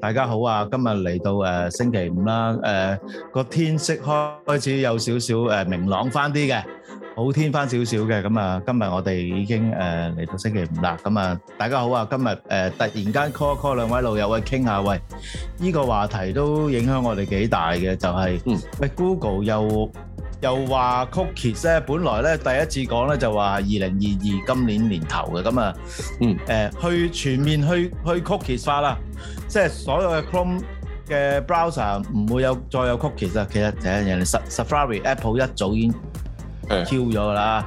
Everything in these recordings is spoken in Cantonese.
大家好啊！今日嚟到誒星期五啦，誒個天色開始有少少誒明朗翻啲嘅，好天翻少少嘅。咁啊，今日我哋已經誒嚟到星期五啦。咁啊，大家好啊！今日誒突然間 call call 兩位老友去傾下喂，呢個話題都影響我哋幾大嘅，就係嗯喂 Google 又。又話 cookies 咧，本來咧第一次講咧就話二零二二今年年頭嘅咁啊，嗯誒去全面去去 cookies 化啦，即係所有嘅 Chrome 嘅 browser 唔會有再有 cookies 啊。其實誒人哋 Safari Apple 一早已經。Q 咗啦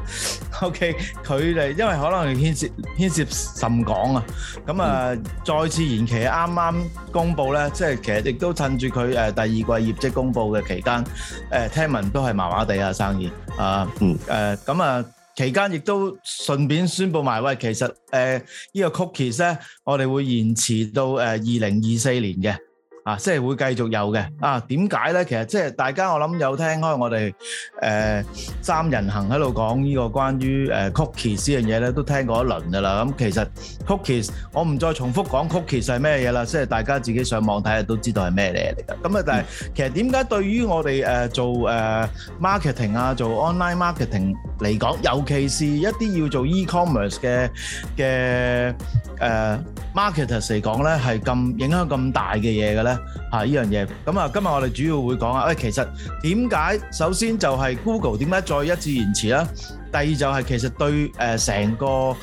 ，OK，佢哋、okay, 因為可能牽涉牽涉甚廣啊，咁啊、嗯、再次延期，啱啱公布咧，即係其實亦都趁住佢、呃、第二季業績公布嘅期間，誒、呃、聽聞都係麻麻地啊生意啊，嗯，咁、呃、啊期間亦都順便宣布埋喂，其實誒、呃這個、呢個 cookies 咧，我哋會延遲到誒二零二四年嘅。啊，即係會繼續有嘅。啊，點解咧？其實即係大家我諗有聽開我哋誒三人行喺度講呢個關於誒 cookies 呢樣嘢咧，都聽過一輪噶啦。咁其實 cookies，我唔再重複講 cookies 係咩嘢啦。即係大家自己上網睇下都知道係咩嘢嚟嘅。咁啊，但係其實點解對於我哋誒做誒 marketing 啊，做 online marketing 嚟講，尤其是一啲要做 ecommerce 嘅嘅誒 marketers 嚟講咧，係咁影響咁大嘅嘢嘅咧？嚇！依樣嘢咁啊，今日我哋主要會講啊。喂，其實點解首先就係 Google 點解再一次延遲啦？第二就係其實對誒成個誒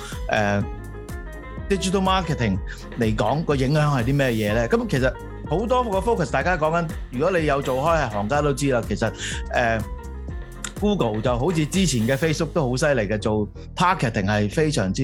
digital marketing 嚟講個影響係啲咩嘢咧？咁其實好多個 focus，大家講緊。如果你有做開係行家都知啦。其實誒 Google 就好似之前嘅 Facebook 都好犀利嘅，做 targeting 係非常之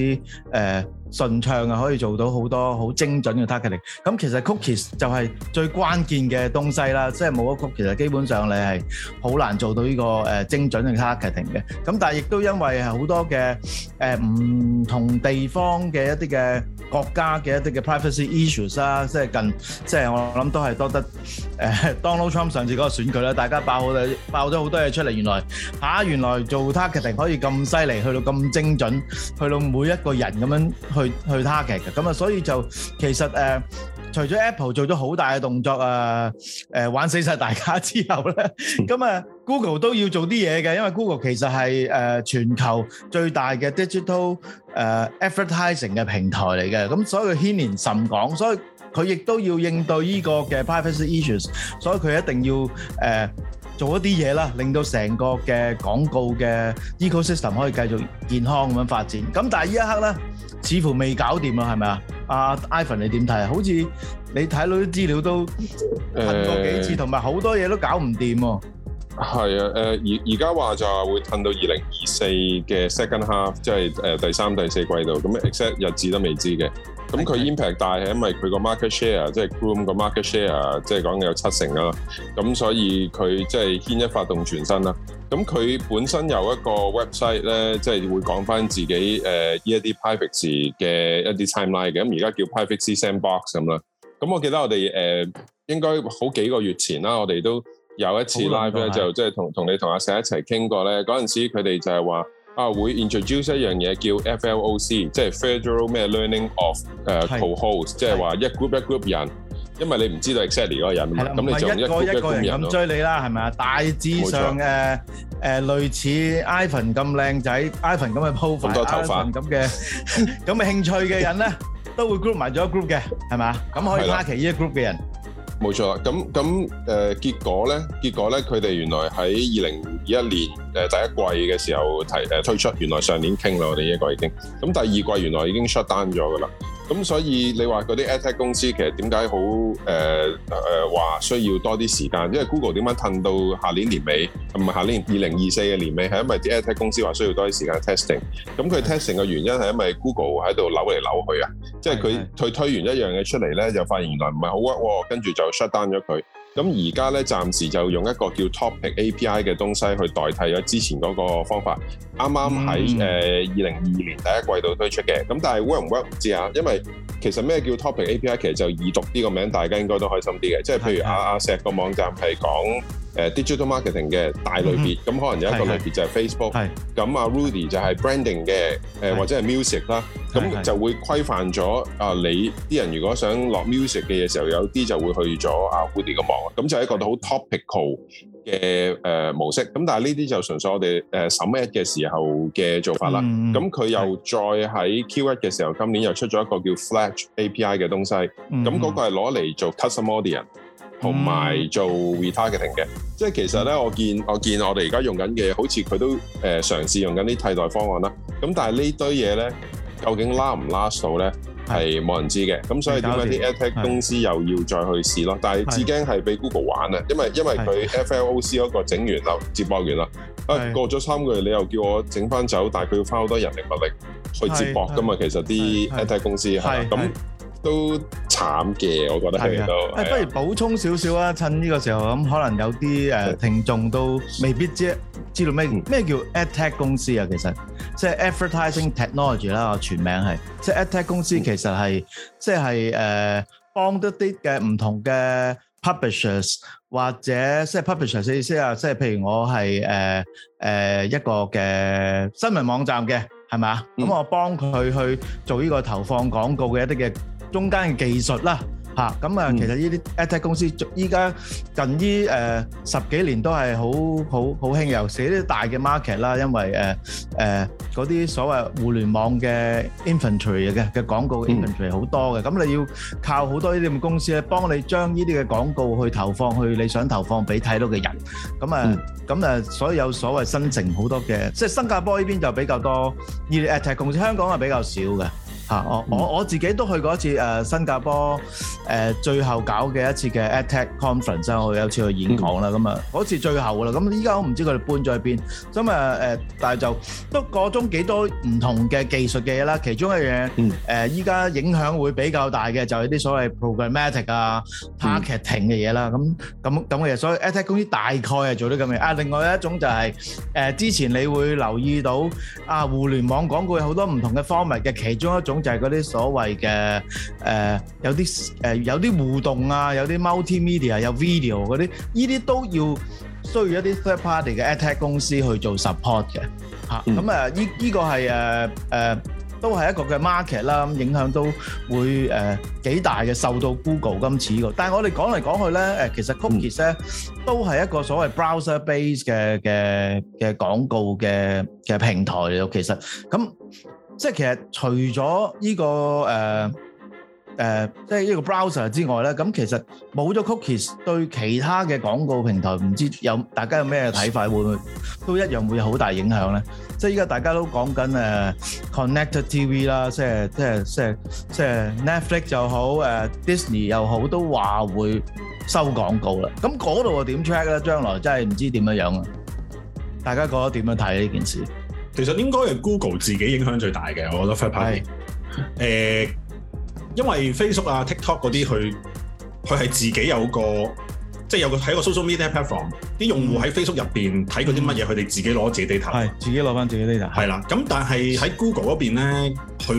誒，順暢啊，可以做到好多好精準嘅 targeting。咁其實 cookies 就係最關鍵嘅東西啦，即係冇咗 cookies，基本上你係好難做到呢個誒精準嘅 targeting 嘅。咁但係亦都因為係好多嘅誒唔同地方嘅一啲嘅國家嘅一啲嘅 privacy issues 啦，即係近即係我諗都係多得誒 Donald Trump 上次嗰個選舉啦，大家爆咗爆咗好多嘢出嚟，原來嚇，原來做 targeting 可以咁犀利，去到咁精準，去到每一個人咁樣去。去去 target 嘅，咁啊，所以就其實誒，除咗 Apple 做咗好大嘅動作啊，誒，玩死晒大家之後咧，咁啊，Google 都要做啲嘢嘅，因為 Google 其實係誒全球最大嘅 digital 誒 advertising 嘅平台嚟嘅，咁所以佢牽連甚廣，所以佢亦都要應對呢個嘅 privacy issues，所以佢一定要誒做一啲嘢啦，令到成個嘅廣告嘅 ecosystem 可以繼續健康咁樣發展。咁但係呢一刻咧。似乎未搞掂啊，係咪啊？阿、uh, Ivan 你點睇啊？好似你睇到啲資料都褪過幾次，同埋好多嘢都搞唔掂喎。係啊，誒而而家話就係會褪到二零二四嘅 second half，即係誒第三第四季度。咁 exact 日子都未知嘅。咁佢 impact 大係因為佢個 market share，即係 Chrome 個 market share，即係講有七成啦。咁所以佢即係牽一發動全身啦。咁佢本身有一個 website 咧，即、就、係、是、會講翻自己誒呢、呃、一啲 privacy 嘅一啲 timeline 嘅，咁而家叫 privacy sandbox 咁啦。咁我記得我哋誒、呃、應該好幾個月前啦，我哋都有一次 live 咧，就即係同同你同阿石一齊傾過咧。嗰陣時佢哋就係話啊，會 introduce 一樣嘢叫 FLOC，即係 federal 咩 learning of 誒 co-host，即係話一 group 一 group 人。因為你唔知道 Xenia 嗰個人，咁你就一個一個人咁追你啦，係咪啊？大致上誒誒類似 Ivan 咁靚仔，Ivan 咁嘅 profile，Ivan 咁嘅咁嘅興趣嘅人咧，都會 group 埋咗 group 嘅，係咪啊？咁可以 target 依個 group 嘅人，冇錯啦。咁咁誒結果咧，結果咧，佢哋原來喺二零二一年誒第一季嘅時候提誒推出，原來上年傾啦，我哋依一個已經。咁第二季原來已經 shut down 咗噶啦。咁所以你話嗰啲 Ad Tech 公司其實點解好誒誒話需要多啲時間？因為 Google 點解褪到下年年尾唔係下年二零二四嘅年尾，係、嗯、因為啲 Ad Tech 公司話需要多啲時間 testing。咁佢 testing 嘅原因係因為 Google 喺度扭嚟扭去啊，是的即係佢佢推完一樣嘢出嚟咧，就發現原來唔係好 work 喎，跟住就 shut down 咗佢。咁而家咧，暫時就用一個叫 Topic API 嘅東西去代替咗之前嗰個方法。啱啱喺誒二零二二年第一季度推出嘅。咁但係 work 唔 work 唔知啊，因為其實咩叫 Topic API，其實就易讀呢個名，大家應該都開心啲嘅。即係譬如阿、啊、阿、嗯啊、石個網站係講 digital marketing 嘅大類別，咁、嗯、哼可能有一個類別就係 Facebook 是。咁啊 Rudy 就係 branding 嘅，是或者係 music 啦，咁就會規範咗啊你啲人如果想落 music 嘅嘢時候，有啲就會去咗啊 Rudy 個網，咁就係一個好 topical 嘅、呃、模式。咁但係呢啲就純粹我哋誒審 AD 嘅時候嘅做法啦。咁佢、嗯、又再喺 Q1 嘅時候，今年又出咗一個叫 Flash API 嘅東西。咁嗰、嗯、個係攞嚟做 custom audience 同埋做 retargeting 嘅，即係其實咧、嗯，我見我見我哋而家用緊嘅，好似佢都誒、呃、嘗試用緊啲替代方案啦。咁但係呢堆嘢咧，究竟拉唔拉到咧，係冇是人知嘅。咁是所以點解啲 Ad Tech 公司又要再去試咯？但係至驚係俾 Google 玩啊，因為因為佢 FLOC 嗰個整完啦，接駁完啦，啊是過咗三個月你又叫我整翻走，但係佢要花好多人力物力去接駁，㗎嘛。其實啲 Ad Tech 公司係咁。都慘嘅，我覺得係啊。誒，不如補充少少啊！趁呢個時候咁，可能有啲誒聽眾都未必知知道咩咩叫 adtech 公司啊。其實即係 advertising technology 啦，我全名係即係 adtech 公司，其實係即係誒幫多啲嘅唔同嘅 publishers 或者即係 publishers 意思啊，即係譬如我係誒誒一個嘅新聞網站嘅，係咪啊？咁我幫佢去做呢個投放廣告嘅一啲嘅。中間嘅技術啦，嚇咁啊，其實依啲 Ad Tech 公司依家近依誒十幾年都係好好好興嘅，尤其是啲大嘅 market 啦，因為誒誒嗰啲所謂互聯網嘅 infantry 嘅嘅廣告 infantry 好多嘅，咁你要靠好多呢啲咁公司咧幫你將呢啲嘅廣告去投放去你想投放俾睇到嘅人，咁啊咁啊，所以有所謂新城好多嘅，即係新加坡依邊就比較多，而 Ad Tech 公司香港啊比較少嘅。啊！我我我自己都去過一次誒新加坡誒最後搞嘅一次嘅 Ad Tech Conference，我有次去演講啦。咁啊，嗰次最後噶啦，咁依家我唔知佢哋搬咗去邊。咁啊誒，但係就都個中幾多唔同嘅技術嘅嘢啦。其中一樣誒，依家影響會比較大嘅就係啲所謂 programmatic 啊、marketing 嘅嘢啦。咁咁咁嘅嘢，所以 Ad Tech 公司大概係做啲咁嘅。啊，另外一種就係誒之前你會留意到啊，互聯網廣告有好多唔同嘅 format 嘅其中一種。就係嗰啲所謂嘅誒，有啲誒有啲互動啊，有啲 multimedia，有 video 嗰啲，依啲都要需要一啲 third party 嘅 adtech 公司去做 support 嘅嚇。咁啊，依依個係誒誒，都係一個嘅 market 啦，影響都會誒幾大嘅，受到 Google 今次。但係我哋講嚟講去咧，誒其實 Cookies 咧都係一個所謂 browser base 嘅嘅嘅廣告嘅嘅平台嚟嘅。其實咁。即係其實除咗依個誒誒，即係依個 browser 之外咧，咁其實冇咗 cookies 對其他嘅廣告平台，唔知有大家有咩睇法，會唔會都一樣會有好大影響咧？即係依家大家都講緊誒 connected TV 啦，即係即係即係即係 Netflix 又好，誒 Disney 又好，都話會收廣告啦。咁嗰度又點 track 咧？將來真係唔知點樣樣啊！大家覺得點樣睇呢件事？其實應該係 Google 自己影響最大嘅，我覺得。係是。誒、呃，因為 Facebook 啊、TikTok 嗰啲，佢佢係自己有個，即、就、係、是、有個喺個 social media platform，啲用戶喺 Facebook 入邊睇嗰啲乜嘢，佢哋、嗯、自己攞自己 data。係。自己攞返自己 data。係啦，咁但係喺 Google 嗰邊咧，佢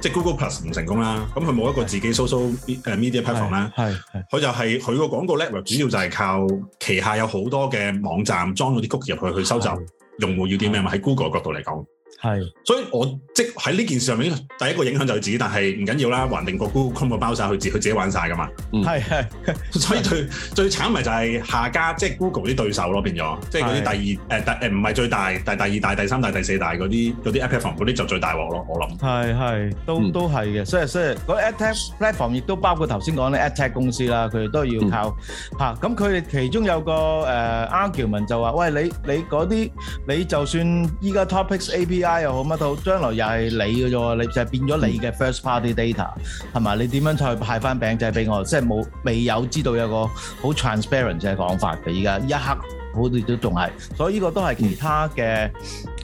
即係、就是、Google Plus 唔成功啦，咁佢冇一個自己 social media platform 啦。佢就係佢個廣告 network 主要就係靠旗下有好多嘅網站裝嗰啲 cookie 入去去收集。用戶要啲咩嘛？喺 Google 角度嚟講。係，是所以我即喺呢件事上面，第一個影響就係自己，但係唔緊要啦，還定個 Google Chrome 個包曬佢自佢自己玩晒噶嘛。嗯，係，係。所以最是最慘咪就係下家，即、就、係、是、Google 啲對手咯，變咗，是即係啲第二誒第誒唔係最大，但係第二大、第三大、第四大啲啲 App Platform 啲就最大鑊咯，我諗係，係都、嗯、都係嘅。所以所以個 Ad Tech Platform 亦都包括頭先講咧 Ad Tech 公司啦，佢哋都要靠吓咁佢哋其中有個誒、uh, argument 就話：喂，你你啲你就算依家 Topics API。家又好乜都，將來又係你嘅啫喎，你就係變咗你嘅 first party data 係嘛？你點樣再派翻餅仔俾我？即係冇未有知道有個好 transparent 嘅講法嘅，依家一刻好似都仲係，所以依個都係其他嘅，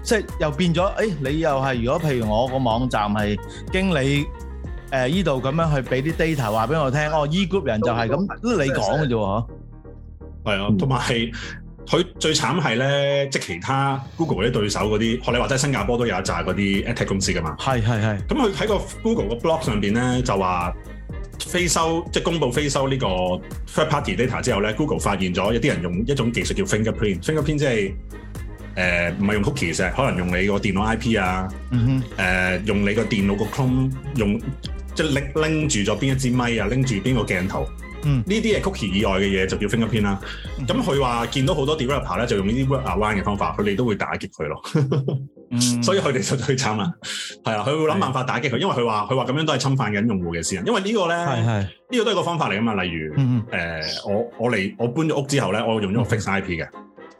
即係又變咗。誒，你又係如果譬如我個網站係經理誒依度咁樣去俾啲 data 話俾我聽，哦，E group 人就係咁，你講嘅啫喎，係啊，同埋。佢最慘係咧，即係其他 Google 嗰啲對手嗰啲，學你話齋新加坡都有一紮嗰啲 Ad Tech 公司噶嘛。係係係。咁佢喺個 Google 個 blog 上邊咧就話，飛收即係公佈飛收呢個 third party data 之後咧，Google 發現咗有啲人用一種技術叫 fingerprint，fingerprint、mm hmm. 即係誒唔係用 cookie 啫，可能用你個電腦 IP 啊，誒、mm hmm. 呃、用你個電腦個 Chrome，h r 用即係拎拎住咗邊一支咪啊，拎住邊個鏡頭。呢啲係 cookie 以外嘅嘢就叫 fingerprint 啦。咁佢話見到好多 developer 咧，就用呢啲 workaround 嘅方法，佢哋都會打擊佢咯。 所以佢哋就最慘啦。係啊，佢會諗辦法打擊佢，因為佢話佢話咁樣都係侵犯緊用戶嘅私隱。因為呢個呢個咧，呢是是 個都係個方法嚟噶嘛。例如，誒是是、呃，我我嚟我搬咗屋之後咧，我用咗個 fix IP 嘅。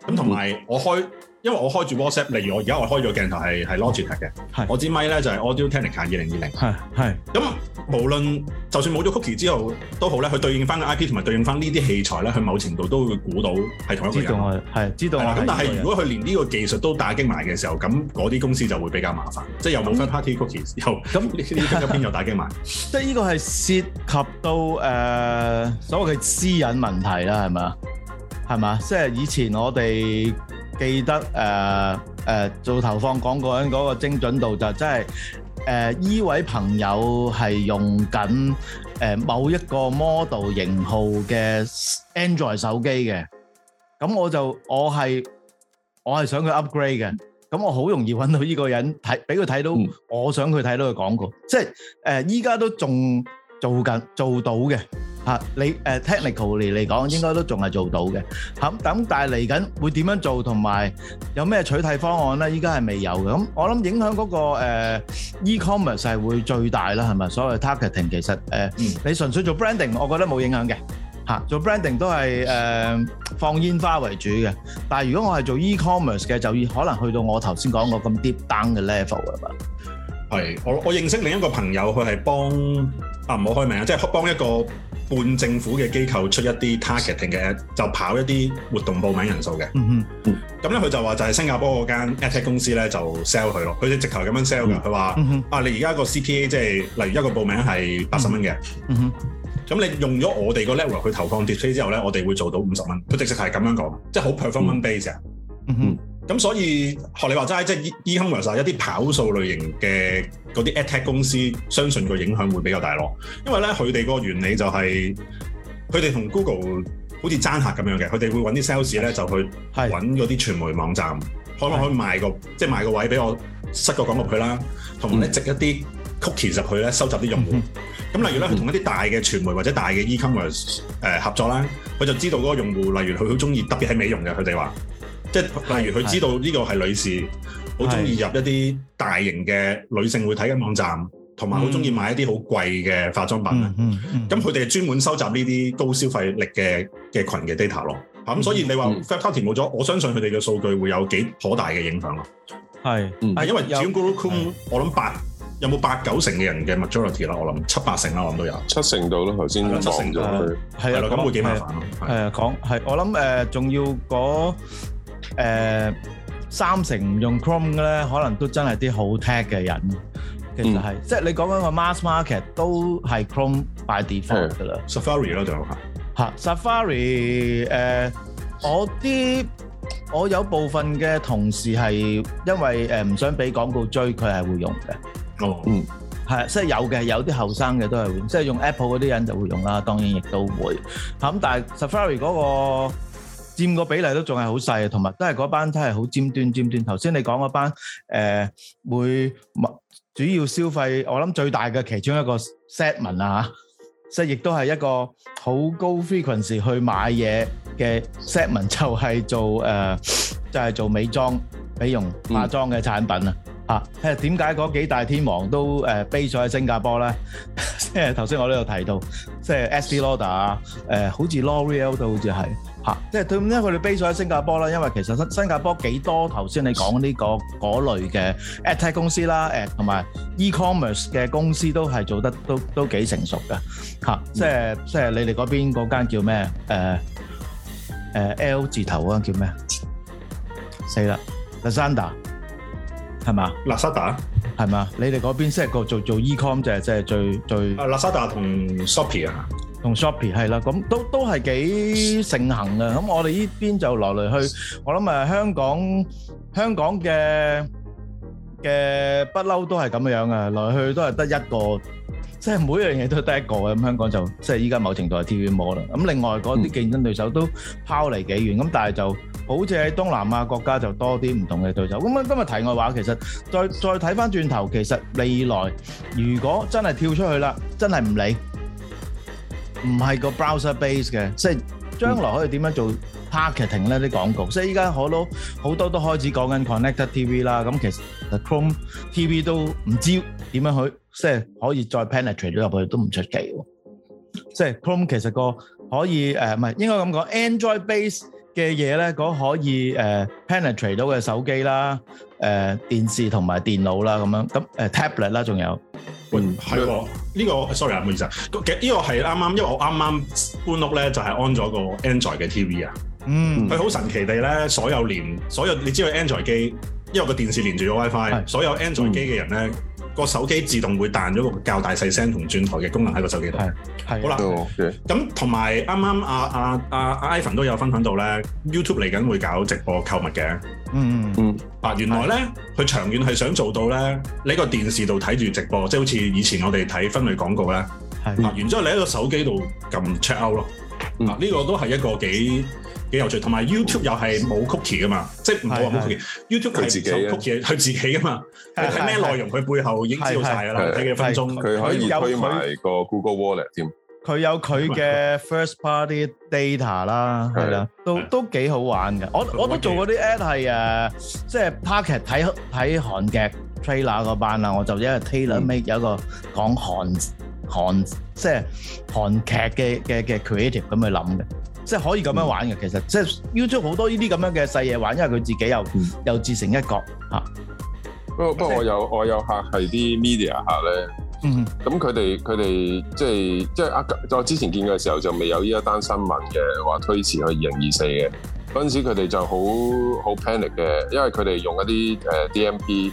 咁同埋我開。因為我開住 WhatsApp，例如我而家我開咗鏡頭係 Logitech 嘅，是我支咪咧就係 Audio Technica 二零二零。係咁，無論就算冇咗 cookie 之後都好咧，佢對應翻個 IP 同埋對應翻呢啲器材咧，佢某程度都會估到係同一個係咯。知道。咁但係如果佢連呢個技術都打擊埋嘅時候，咁嗰啲公司就會比較麻煩，即係又冇分 party cookies，那又咁呢一邊又打擊埋。即係呢個係涉及到誒、呃、所謂嘅私隱問題啦，係咪？係嘛？即係以前我哋。記得誒誒、呃呃、做投放廣告嗰個精準度就真係誒依位朋友係用緊誒、呃、某一個 model 型號嘅 Android 手機嘅，咁我就我係我係想佢 upgrade 嘅，咁我好容易揾到依個人睇，俾佢睇到我想佢睇到嘅廣告，嗯、即係誒依家都仲做緊做到嘅。嚇、啊，你誒、呃、technical 嚟嚟講應該都仲係做到嘅，咁、啊、咁但係嚟緊會點樣做同埋有咩取替方案咧？依家係未有嘅，咁我諗影響嗰、那個、呃、e-commerce 係會最大啦，係咪？所謂 targeting 其實誒，呃嗯、你純粹做 branding，我覺得冇影響嘅、啊，做 branding 都係誒、呃、放煙花為主嘅，但係如果我係做 e-commerce 嘅，就可能去到我頭先講過咁 deep down 嘅 level 喎。係，我我認識另一個朋友，佢係幫啊，唔好開名啊，即係幫一個半政府嘅機構出一啲 targeting 嘅，就跑一啲活動報名人數嘅。嗯哼、mm，咁咧佢就話就係新加坡嗰間 ad tech 公司咧就 sell 佢咯，佢哋直頭咁樣 sell 嘅。佢話啊，你而家個 CPA 即係例如一個報名係八十蚊嘅，咁、mm hmm. 你用咗我哋個 level 去投放 display 之後咧，我哋會做到五十蚊。佢直直係咁樣講，即係好 performance base 啊。嗯哼。Mm hmm. 咁所以學你話齋，即係 e-commerce、e、一啲跑數類型嘅嗰啲 ad tech 公司，相信個影響會比較大咯。因為咧佢哋個原理就係、是、佢哋同 Google 好似爭客咁樣嘅，佢哋會揾啲 sales 咧就去揾嗰啲傳媒網站，的可唔可以賣個的即係賣個位俾我塞個廣告佢啦？同埋咧植一啲 cookies 入去咧，收集啲用戶。咁、嗯、哼例如咧，佢同、嗯、哼一啲大嘅傳媒或者大嘅 e-commerce、呃、合作啦，佢就知道嗰個用戶，例如佢好中意，特別係美容嘅，佢哋話。即係例如佢知道呢個係女士，好中意入一啲大型嘅女性會睇嘅網站，同埋好中意買一啲好貴嘅化妝品。咁佢哋係專門收集呢啲高消費力嘅嘅群嘅 data 咯。咁所以你話 factor 冇咗，我相信佢哋嘅數據會有幾頗大嘅影響咯。係，因為佔 Google Chrome 我諗八有冇八九成嘅人嘅 majority 啦，我諗七八成啦，我諗都有七成到啦，頭先七成到啦，係啊，咁會幾麻煩咯。係啊，講係我諗誒，仲要嗰。誒三成唔用 Chrome 咧，可能都真係啲好 tech 嘅人，其實係即係你講緊個 mass market 都係 Chrome by default 噶啦，Safari 咯就嚇嚇 Safari 誒，我啲我有部分嘅同事係因為誒唔想俾廣告追佢係會用嘅，哦嗯係即係有嘅，有啲後生嘅都係會即係用 Apple 嗰啲人就會用啦，當然亦都會嚇咁，但係 Safari 嗰個。佔個比例都仲係好細，同埋都係嗰班都係好尖端尖端。頭先你講嗰班誒會物主要消費，我諗最大嘅其中一個 segment 啊，即係亦都係一個好高 frequency 去買嘢嘅 segment，就係做誒即係做美妝、美容、化妝嘅產品啊嚇。點解嗰幾大天王都誒 base 喺新加坡咧？即係頭先我都有提到，即係 Estee Lauder 啊，誒好似 L'Oreal 都好似係。嚇，即係對唔呢？佢哋 base 咗喺新加坡啦，因為其實新新加坡幾多頭先你講呢個嗰類嘅 Ad Tech 公司啦，誒同埋 e-commerce 嘅公司都係做得都都幾成熟㗎。嚇，即係即係你哋嗰邊嗰間叫咩？誒誒 L 字頭嗰間叫咩？死啦，Lazada 係嘛？Lazada 係嘛？你哋嗰邊 set 個做做 e-com 即係最最啊，Lazada 同 Shopee 啊。同 Shopee 係啦，咁都都係幾盛行啊！咁我哋依邊就來來去，我諗誒香港香港嘅嘅不嬲都係咁嘅樣啊，來來去都係得一個，即係每樣嘢都得一個嘅。咁香港就即係依家某程度係 TV 模啦。咁另外嗰啲競爭對手都拋離幾遠，咁但係就好似喺東南亞國家就多啲唔同嘅對手。咁啊，今日題外話，其實再再睇翻轉頭，其實未來如果真係跳出去啦，真係唔理。唔係個 browser base 嘅，即係將來可以點樣做 marketing 呢？啲廣告，即係依家好多好多都開始講緊 connected TV 啦。咁其實 Chrome TV 都唔知點樣去，即係可以再 penetrate 咗入去都唔出奇喎。即係 Chrome 其實個可以誒，唔係應該咁講 Android base 嘅嘢咧，嗰可以誒 penetrate 到嘅手機啦、誒、呃、電視同埋電腦啦，咁樣咁誒 tablet 啦，仲有，係喎，呢個 sorry 唔好意思啊，呢、呢個係啱啱，因為我啱啱搬屋咧就係安咗個 Android 嘅 TV 啊，嗯，佢好神奇地咧，所有連所有你知道 Android 機，因為個電視連住咗 WiFi，所有 Android 機嘅人咧。嗯。個手機自動會彈咗個較大細聲同轉台嘅功能喺個手機度。係係。好啦，咁同埋啱啱阿阿阿 Ivan 都有分享到咧，YouTube 嚟緊會搞直播購物嘅。嗯嗯嗯。啊，原來咧，佢長遠係想做到咧，你個電視度睇住直播，即係好似以前我哋睇分類廣告咧。係。啊，然之後你喺個手機度撳 check out 咯。嗱，呢個都係一個幾幾有趣，同埋 YouTube 又係冇 cookie 噶嘛，即係唔係話冇 cookie，YouTube 係有 cookie，佢自己噶嘛，佢睇咩內容佢背後已經知道曬啦，睇幾分鐘佢可以佢有埋個 Google Wallet 添，佢有佢嘅 first party data 啦，係啦，都都幾好玩噶，我我都做嗰啲 ad 係誒，即係 parket 睇睇韓劇 trailer 嗰班啦，我就因為 tailor made 有個講韓字。韓即係韓劇嘅嘅嘅 creative 咁去諗嘅，即係可以咁樣玩嘅。嗯、其實即係 YouTube 好多呢啲咁樣嘅細嘢玩，因為佢自己又、嗯、又自成一角嚇。不過不過我有、即係、我有客係啲 media 客咧，咁佢哋佢哋即係即係啊！即係即係、我之前見嘅時候就未有呢一單新聞嘅話推遲去二零二四嘅嗰陣時佢哋好，佢哋就好好 panic 嘅，因為佢哋用一啲誒 DMP。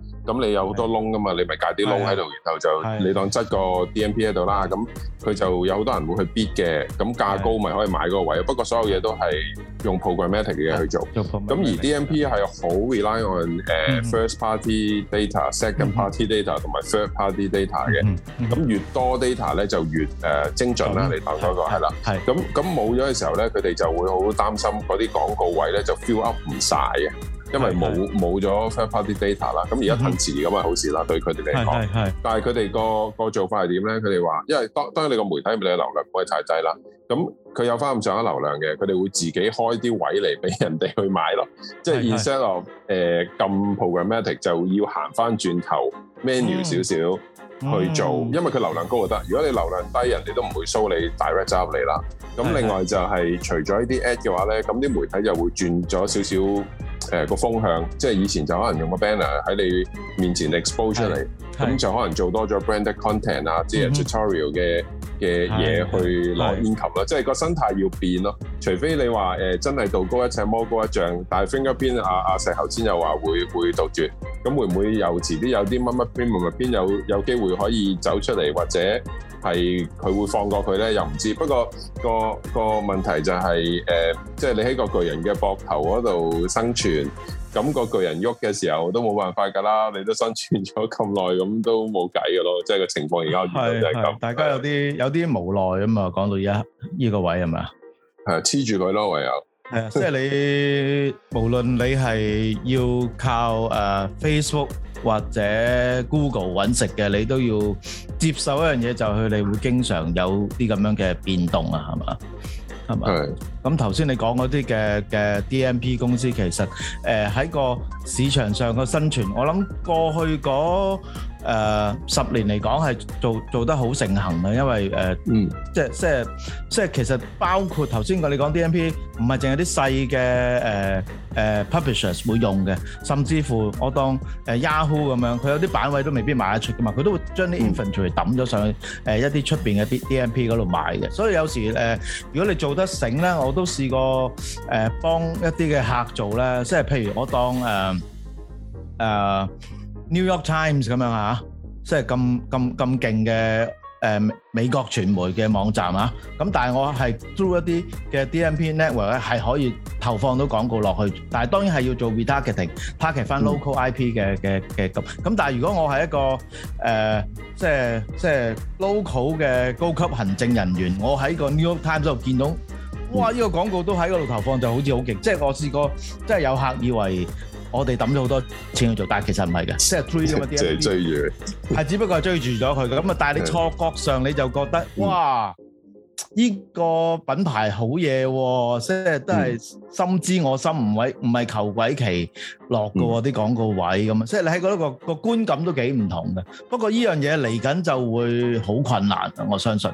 咁你有好多窿噶嘛？你咪隔啲窿喺度，然後就你當執個 DMP 喺度啦。咁佢就有好多人會去 bid 嘅，咁價高咪可以買個位。不過所有嘢都係用 programmatic 嘅嘢去做。咁而 DMP 係好 rely on 誒 first party data、second party data 同埋 third party data 嘅。咁越多 data 咧就越誒精準啦。你頭先講係啦。咁咁冇咗嘅時候咧，佢哋就會好擔心嗰啲廣告位咧就 fill up 唔曬嘅。因為冇冇咗 third party data 啦，咁而家騰字咁係好事啦，對佢哋嚟講。是是是但係佢哋個個做法係點咧？佢哋話，因為當當然你個媒體俾你嘅流量唔可以太低啦。咁佢有翻咁上下流量嘅，佢哋會自己開啲位嚟俾人哋去買咯。即係 instead of 咁、呃、programmatic 就要行翻轉頭 manual、哦、少少。去做，因為佢流量高就得。如果你流量低，人哋都唔會 show 你 direct 入嚟啦。咁另外就係、是、是除咗呢啲 ad 嘅話咧，咁啲媒體就會轉咗少少誒個風向，即係以前就可能用個 banner 喺你面前 expose 出嚟，咁是就可能做多咗 branded content 啊，球是是是是即係 tutorial 嘅嘅嘢去攞眼球啦，即係個生態要變咯。是是是除非你話誒、呃、真係道高一尺魔高一丈，但係邊一邊阿阿石頭先又話會會杜絕，咁會唔會又遲啲有啲乜乜邊邊邊有些什麼什麼什麼什麼有機會。可以走出嚟，或者係佢會放過佢咧，又唔知。不過個個問題就係，誒，即係你喺個巨人嘅膊頭嗰度生存，咁個巨人喐嘅時候都冇辦法噶啦。你都生存咗咁耐，咁都冇計噶咯。即係個情況而家就係咁。大家有啲有啲無奈啊嘛。講到依家呢個位係咪啊？係啊，黐住佢咯，唯有。係啊，即係你無論你係要靠誒 Facebook。或者 Google 揾食嘅，你都要接受一樣嘢，就佢、係、你會經常有啲咁樣嘅變動啊，係嘛？係。Right. 咁頭先你講嗰啲嘅嘅 DMP 公司其實誒喺個市場上個生存，我諗過去嗰誒十年嚟講係做做得好盛行嘅，因為誒，嗯即係即係即係其實包括頭先個你講 DMP，唔係淨係啲細嘅誒誒 publishers 會用嘅，甚至乎我當誒 Yahoo 咁樣，佢有啲版位都未必賣得出噶嘛，佢都會將啲 inventory 抌咗上去誒一啲出邊嘅啲 DMP 嗰度賣嘅，所以有時誒如果你做得醒咧，我我都試過誒幫一啲嘅客做咧，即係譬如我當誒誒 New York Times 咁樣嚇，即係咁咁咁勁嘅誒美國傳媒嘅網站啊。咁但係我係 through 一啲嘅 DMP network 咧，係可以投放到廣告落去。但係當然係要做 retargeting，target 翻 local IP 嘅嘅嘅咁。咁但係如果我係一個誒即係即係 local 嘅高級行政人員，我喺個 New York Times 度見到。哇！呢、這個廣告都喺個度投放，就好似好勁。即係我試過，即係有客以為我哋抌咗好多錢去做，但係其實唔係嘅。set t h 即係追住，係只不過係追住咗佢咁啊。 但係你錯覺上你就覺得，的哇！呢、這個品牌好嘢喎，嗯、即係都係深知我心，唔鬼唔係求鬼其落嘅啲廣告位咁啊。嗯、即係你喺嗰度個、那個觀感都幾唔同嘅。不過呢樣嘢嚟緊就會好困難，我相信。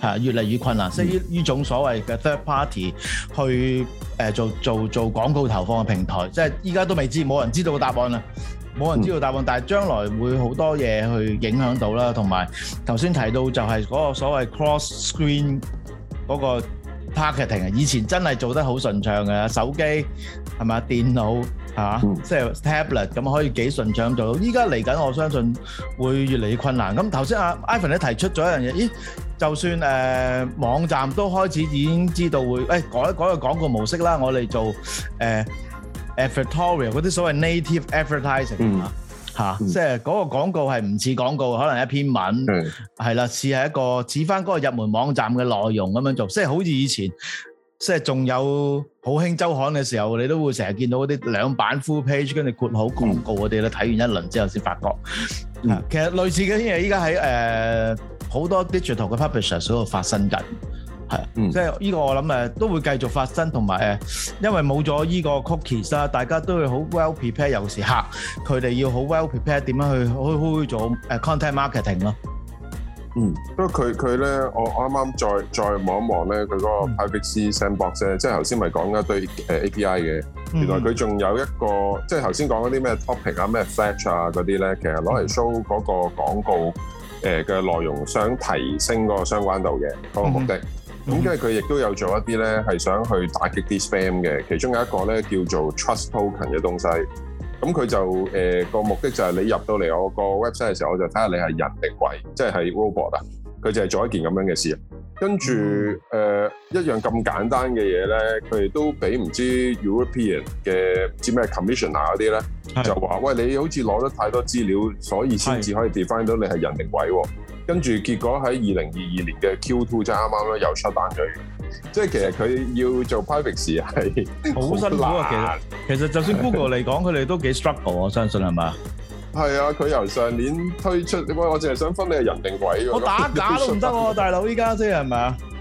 係越嚟越困難，所以呢種所謂嘅 third party 去誒做做做廣告投放嘅平台，即係依家都未知，冇人知道答案啦，冇人知道答案，但係將來會好多嘢去影響到啦，同埋頭先提到就係嗰個所謂 cross screen 嗰個 marketing 啊，以前真係做得好順暢嘅，手機係咪啊？電腦。係啊，即係 tablet 咁可以幾順暢做到。依家嚟緊，我相信會越嚟越困難。咁頭先啊，Ivan 你提出咗一樣嘢，咦？就算誒網站都開始已經知道會誒改改個廣告模式啦。我哋做誒 Advertorial 嗰啲所謂 native advertising 嚇，嚇即係嗰個廣告係唔似廣告，可能係一篇文係啦，似係一個似翻嗰個入門網站嘅內容咁樣做，即係好似以前。即係仲有好興週刊嘅時候，你都會成日見到嗰啲兩版 full page，跟住括號廣告我哋啦。睇完一輪之後先發覺，其實類似嗰啲嘢，依家喺誒好多 digital 嘅 publishers 嗰度發生緊，係，即係依個我諗誒都會繼續發生，同埋誒因為冇咗依個 cookies 啦，大家都會好 well prepared。有時客佢哋要好 well prepared 點樣去開開做誒 content marketing 咯。嗯，不過佢佢咧，我啱啱再再望一望咧，佢嗰個 Privacy、嗯、Sandbox 啫，即係頭先咪講緊堆誒 API 嘅，原來佢仲有一個，即係頭先講嗰啲咩 topic 啊、咩 fetch 啊嗰啲咧，其實攞嚟 show 嗰個廣告誒嘅內容想提升個相關度嘅嗰、嗯、個目的，咁跟住佢亦都有做一啲咧，係想去打擊啲 spam 嘅，其中有一個咧叫做 Trust Token 嘅東西。咁佢就誒、呃個目的就係你入到嚟我個 website 嘅時候，我就睇下你係人定鬼，即係 robot 啊。佢就係做一件咁樣嘅事。跟住誒、呃、一樣咁簡單嘅嘢咧，佢哋都俾唔知 European 嘅唔知咩 Commissioner 嗰啲咧，的就話喂，你好似攞得太多資料，所以先至可以 define 到你係人定鬼喎、啊。跟住結果喺二零二二年嘅 Q2 就啱啱咧，又出翻咗，即係其實佢要做 private 時係好辛苦啊。其實其實就算 Google 嚟講，佢哋 都幾 struggle，我相信係咪？係啊，佢由上年推出，喂，我淨係想分你係人定鬼，我打假都唔得喎，大佬依家先係咪啊？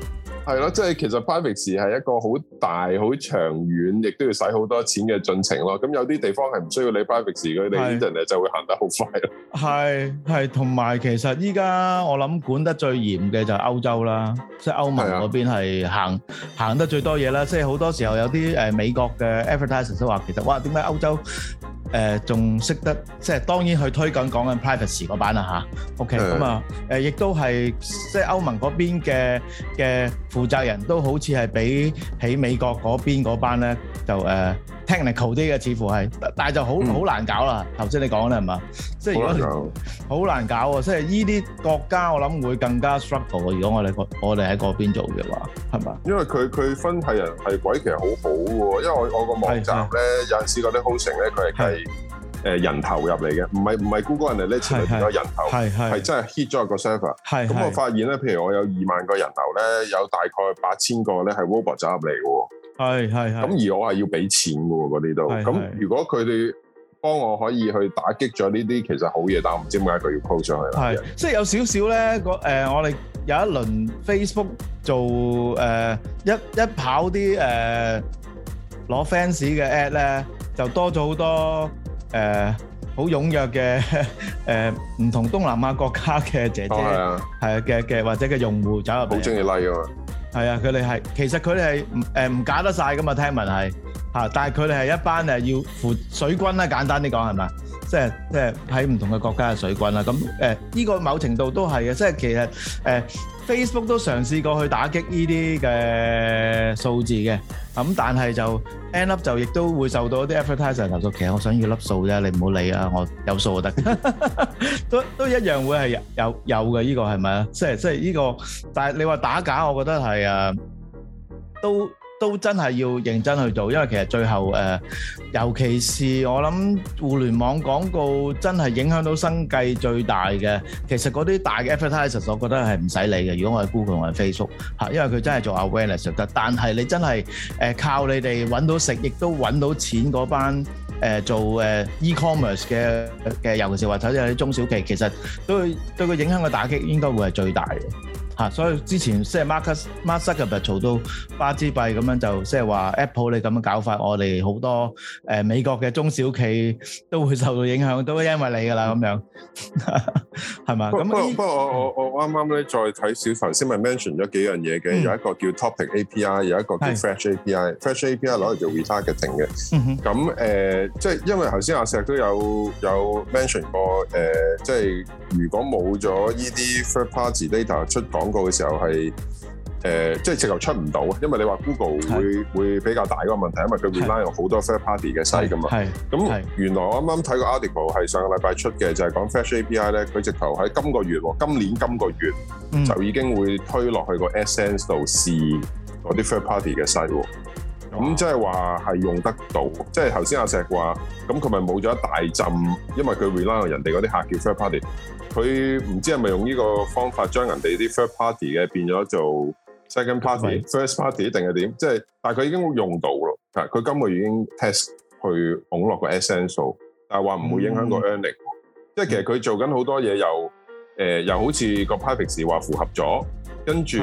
係咯，即係其實 private 市係一個好大、好長遠，亦都要使好多錢嘅進程咯。咁有啲地方係唔需要的的你 private 佢哋啲人咧就會行得好快咯。係係，同埋其實依家我諗管得最嚴嘅就係歐洲啦，即係歐盟嗰邊係行的行得最多嘢啦。即係好多時候有啲誒美國嘅 advertisers 都話，其實哇，點解歐洲？誒仲識得即係當然去推緊講緊 privacy 嗰班啦嚇，OK 咁啊誒亦都係即係歐盟嗰邊嘅嘅負責人都好似係比喺美國嗰邊嗰班咧就誒。Technical 啲嘅似乎係，但係就好好、嗯、難搞啦。頭先你講咧係嘛？即係如果好難搞喎，即係依啲國家我諗會更加 struggle 喎。如果我哋我哋喺嗰邊做嘅話，係嘛？因為佢佢分派人係鬼其實好好嘅，因為我我個網站咧是是 有陣時個啲 hosting 咧佢係計誒人頭入嚟嘅，唔係唔係 Google Analytics 嚟嘅人頭，係真係 hit 咗一個 server。係咁我發現咧，譬如我有二萬個人頭咧，有大概八千個咧係 robot 走入嚟嘅。係係係，咁而我係要俾錢嘅喎，嗰啲都。咁如果佢哋幫我可以去打擊咗呢啲，其實好嘢，但係我唔知點解佢要 po 上去。係，即係有少少咧，個誒，我哋有一輪 Facebook 做誒，一一跑啲誒，攞 fans 嘅 ad 咧，就多咗好多誒，好踴躍嘅誒，唔同東南亞國家嘅姐姐，係啊，嘅嘅或者嘅用戶走入嚟。好中意 like 啊！係啊，佢哋係，其實佢哋係誒唔搞得晒噶嘛，聽聞係嚇，但係佢哋係一班誒要扶水軍啦，簡單啲講係咪？即係即係喺唔同嘅國家嘅水軍啦。咁誒，呢、呃呢個某程度都係嘅，即係其實誒。呃 Facebook 都嘗試過去打擊呢啲嘅數字嘅，咁但係就 end up 就亦都會受到啲 advertiser 投訴，其實我想要粒數啫，你唔好理啊，我有數就得，都都一樣會係有有嘅呢個係咪啊？即係即係呢個，但係你話打假，我覺得係誒都。都真係要認真去做，因為其實最後誒，尤其是我諗互聯網廣告真係影響到生計最大嘅。其實嗰啲大嘅 advertisement，我覺得係唔使理嘅。如果我係 Google 我係 Facebook 嚇，因為佢真係做 Awareness 就得。但係你真係誒靠你哋揾到食，亦都揾到錢嗰班誒做誒 e-commerce 嘅嘅，尤其是話睇啲中小企，其實對對佢影響嘅打擊應該會係最大嘅。嚇！所以之前即係 Marcus Marcus 嘅日嘈到巴茲幣咁樣就即係話 Apple 你咁樣搞法，我哋好多誒美國嘅中小企都會受到影響，都因為你噶啦咁樣，係嘛？不過不過我我我啱啱咧再睇小頭先，咪 mention 咗幾樣嘢嘅，有一個叫 Topic API，有一個叫 Fresh API，Fresh API 攞嚟做 retargeting 嘅。咁誒，即係因為頭先阿石都有有 mention 過誒，即係如果冇咗依啲 third party data 出港。告嘅時候係誒、呃，即係直頭出唔到啊！因為你話 Google 會是會比較大嗰個問題，因為佢會拉入好多 third party 嘅西咁啊。係咁，是那是原來我啱啱睇過 article 係上個禮拜出嘅，就係、是、講 fresh API 咧，佢直頭喺今個月喎，今年今個月、嗯、就已經會推落去嗰個 Essence 度試嗰啲 third party 嘅西喎。咁、嗯、即係話係用得到，即係頭先阿石話，咁佢咪冇咗一大浸，因為佢 relaunch 人哋嗰啲客叫 third party，佢唔知係咪用呢個方法將人哋啲 third party 嘅變咗做 second party 的、first party 定係點？即係，但佢已經用到咯，佢今個月已經 test 去拱落個 essential，但係話唔會影響個 earning，、嗯嗯、即係其實佢做緊好多嘢又、呃、又好似個 private 時話符合咗。跟住、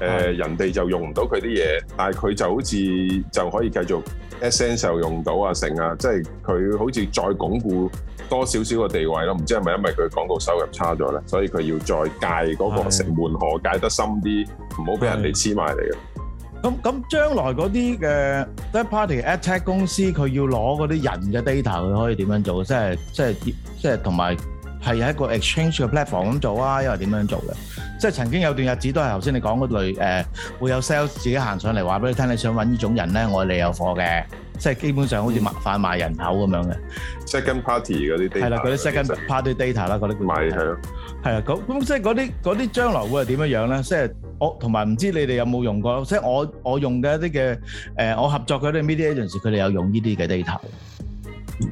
呃、人哋就用唔到佢啲嘢，是但係佢就好似就可以繼續 essential 用到啊，成啊，即係佢好似再鞏固多少少個地位咯。唔知係咪因為佢廣告收入差咗咧，所以佢要再戒嗰個城門河是戒得深啲，唔好俾人哋黐埋嚟。咁咁將來嗰啲嘅 third party ad tech 公司，佢要攞嗰啲人嘅 data，佢可以點樣做？即係即係即係同埋。係有一個 exchange 嘅 platform 咁做啊，一係點樣做嘅？即係曾經有段日子都係頭先你講嗰類誒，會有 sales 自己行上嚟話俾你聽，你想揾呢種人咧，我哋有貨嘅。即係基本上好似賣販賣人口咁樣嘅。Second party 嗰啲 data 係啦，嗰啲 second party data 啦，嗰啲叫賣係咯。係啊，咁咁即係嗰啲嗰啲將來會係點樣樣咧？即係我同埋唔知你哋有冇用過？即係我我用嘅一啲嘅誒，我合作嘅啲 media agency，佢哋有用呢啲嘅 data。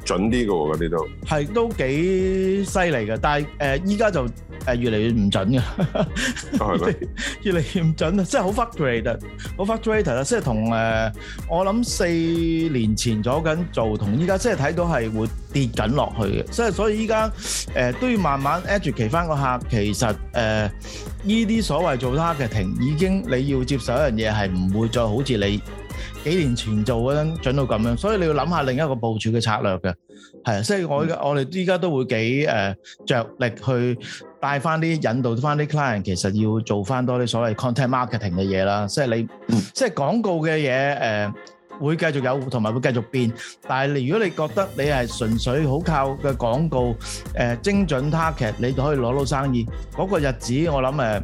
準啲嘅喎，嗰啲都係都幾犀利嘅，但係誒依家就誒越嚟越唔準嘅，越嚟越唔準啊！真係好 frustrated，好 frustrated 啦！即係同誒，我諗四年前左緊做，同依家即係睇到係會跌緊落去嘅，即係所以依家誒都要慢慢 educate 翻個客。其實誒依啲所謂做 marketing 已經你要接受一樣嘢係唔會再好似你。幾年前做嗰陣準到咁樣，所以你要諗下另一個部署嘅策略嘅，係啊，即係我我哋依家都會幾着、嗯呃、力去帶翻啲引導翻啲 client，其實要做翻多啲所謂 content marketing 嘅嘢啦，所以嗯、即係你即係廣告嘅嘢誒會繼續有，同埋會繼續變。但係你如果你覺得你係純粹好靠嘅廣告、呃、精準 target，你就可以攞到生意嗰、嗰個日子我諗，我、呃、諗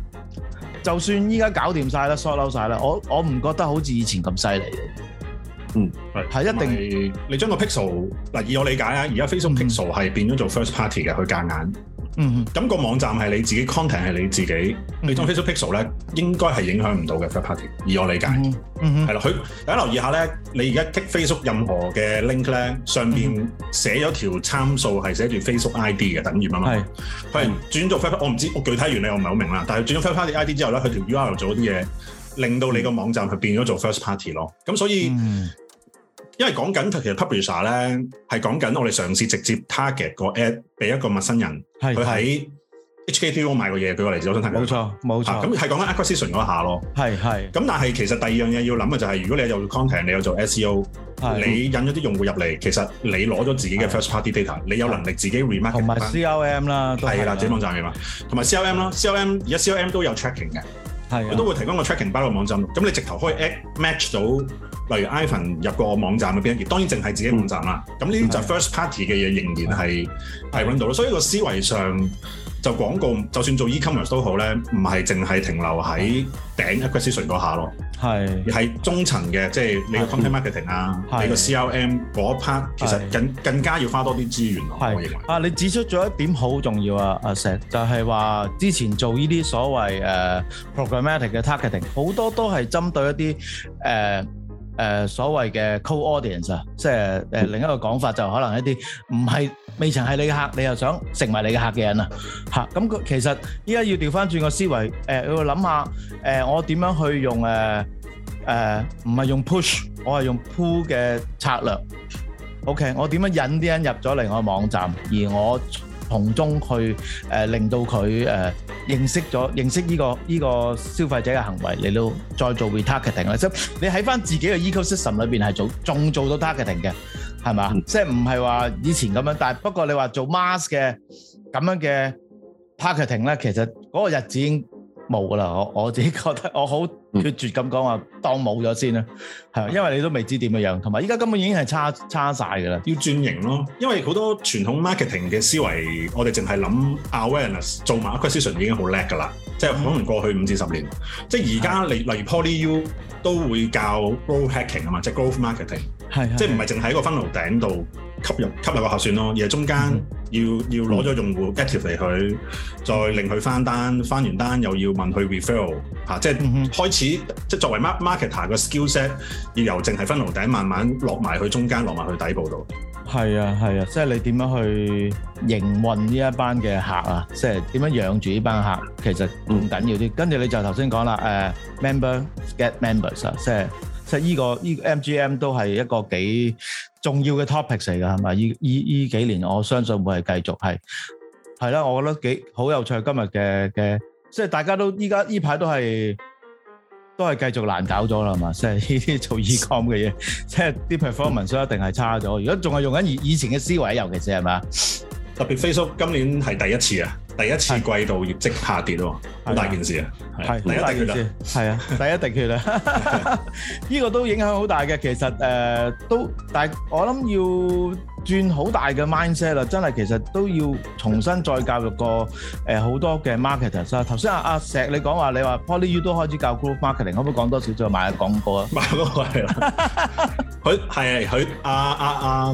就算而家搞掂晒啦，甩漏晒啦，我我唔覺得好似以前咁犀利。嗯，係一定，你將個 pixel，以我理解啊，而家 Facebook pixel 係變咗做 first party 嘅去夾硬。嗯，咁個網站係你自己，content 係你自己，你裝、嗯、哼 Facebook Pixel 咧，應該係影響唔到嘅 first party，以我理解，嗯啦哼，佢大家留意下咧，你而家 click Facebook 任何嘅 link 咧，上面寫咗條參數係寫住 Facebook ID 嘅，等於啊嘛，係，佢、嗯、轉咗 first 我唔知道，我具體原理我唔係好明啦，但係轉咗 first party ID 之後咧，佢條 URL 做啲嘢，令到你個網站係變咗做 first party 咯，咁所以。嗯因為講緊其實 publisher 咧係講緊我哋嘗試直接 target 個 app 俾一個陌生人，佢喺 HKTO 買過嘢，佢嚟我想睇，冇錯冇錯，咁係講緊 acquisition 嗰下咯，係係。咁但係其實第二樣嘢要諗嘅就係，如果你有 content，你有做 SEO，你引咗啲用戶入嚟，其實你攞咗自己嘅 first party data，你有能力自己 remarketing 同埋 CRM 啦，係啦，自己網站嘅嘛，同埋 CRM 啦，CRM 而家 CRM 都有 tracking 嘅，係，佢都會提供個 tracking 包個網站，咁你直頭可以 ad match 到。例如 iPhone 入個網站嘅邊一頁，當然淨係自己網站啦。咁呢啲就 first party 嘅嘢，仍然係係揾到咯。所以個思維上，就廣告就算做 e-commerce 都好咧，唔係淨係停留喺頂 acquisition 嗰下咯。係，係中層嘅，即係你個 content marketing 啊是的，你個 CRM 嗰一 part，其實更更加要花多啲資源咯。係是的，我認為，啊，你指出咗一點好重要啊，阿石，就係話之前做呢啲所謂、uh, programmatic 嘅 targeting，好多都係針對一啲誒。Uh, 誒、呃、所謂嘅 co audience 啊，即、就、係、是呃、另一個講法就係可能一啲唔係未曾係你嘅客，你又想成為你嘅客嘅人啊，咁佢、啊嗯、其實依家要調翻轉個思維，你、呃、要諗下、呃、我點樣去用誒誒唔係用 push，我係用 pull 嘅策略。OK，我點樣引啲人入咗嚟我嘅網站，而我。從中去誒、呃、令到佢誒、呃、認識咗認識呢、這個呢、這個消費者嘅行為嚟到再做 retargeting 啦。即係你喺翻自己嘅 ecosystem 裏邊係做仲做到 targeting 嘅，係嘛？嗯、即係唔係話以前咁樣，但係不過你話做 mass 嘅咁樣嘅 targeting 咧，其實嗰個日子已經冇啦。我我自己覺得我好。嗯、決絕咁講話，當冇咗先啦，係啊，因為你都未知點嘅樣，同埋依家根本已經係差差晒㗎啦，要轉型咯，因為好多傳統 marketing 嘅思維，我哋淨係諗 awareness 做埋 acquisition 已經好叻㗎啦，即係可能過去五至十年，嗯、即係而家例例如 PolyU 都會教 growth hacking 啊嘛，即、就、係、是、growth marketing，即係唔係淨係一個 funnel 頂度。吸入吸入個核算咯，而係中間要要攞咗用戶 active 嚟佢，再令佢翻單，翻完單又要問佢 referral 吓，即係開始即係作為 mark marketer 嘅 skillset 要由淨係 funnel 頂慢慢落埋去中間，落埋去底部度。係啊係啊，即係你點樣去營運呢一班嘅客啊，即係點樣養住呢班客，其實好緊要啲。跟住你就頭先講啦，誒 member get member 先，即係。即係依個依 MGM 都係一個幾重要嘅 topic 嚟噶係咪？呢依依幾年我相信會係繼續係係啦，我覺得幾好有趣。今日嘅嘅即係大家都依家呢排都係都係繼續難搞咗啦，係嘛？即係呢啲做 ecom 嘅嘢，即係啲 performance 一定係差咗。如果仲係用緊以以前嘅思維，尤其是係嘛？特別 Facebook 今年係第一次啊，第一次季度業績下跌喎，好大件事啊，係第一大件事，係啊，第一滴血啊，呢的 個都影響好大嘅。其實誒、呃、都，但係我諗要轉好大嘅 mindset 啦，真係其實都要重新再教育過誒好多嘅 marketers，頭先阿阿石你講話，你話 PolyU 都開始教 group marketing，可唔可以講多少再賣廣告 啊？賣嗰個係啦，佢係佢啊啊啊。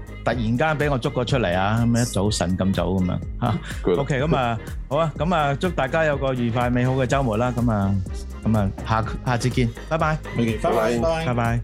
突然間俾我捉個出嚟啊！咁樣一早晨咁早咁樣。OK，咁啊，Good. Okay, 咁好啊，咁啊，祝大家有個愉快美好嘅周末啦。咁啊，咁啊，下下次見，拜拜，拜拜，拜拜。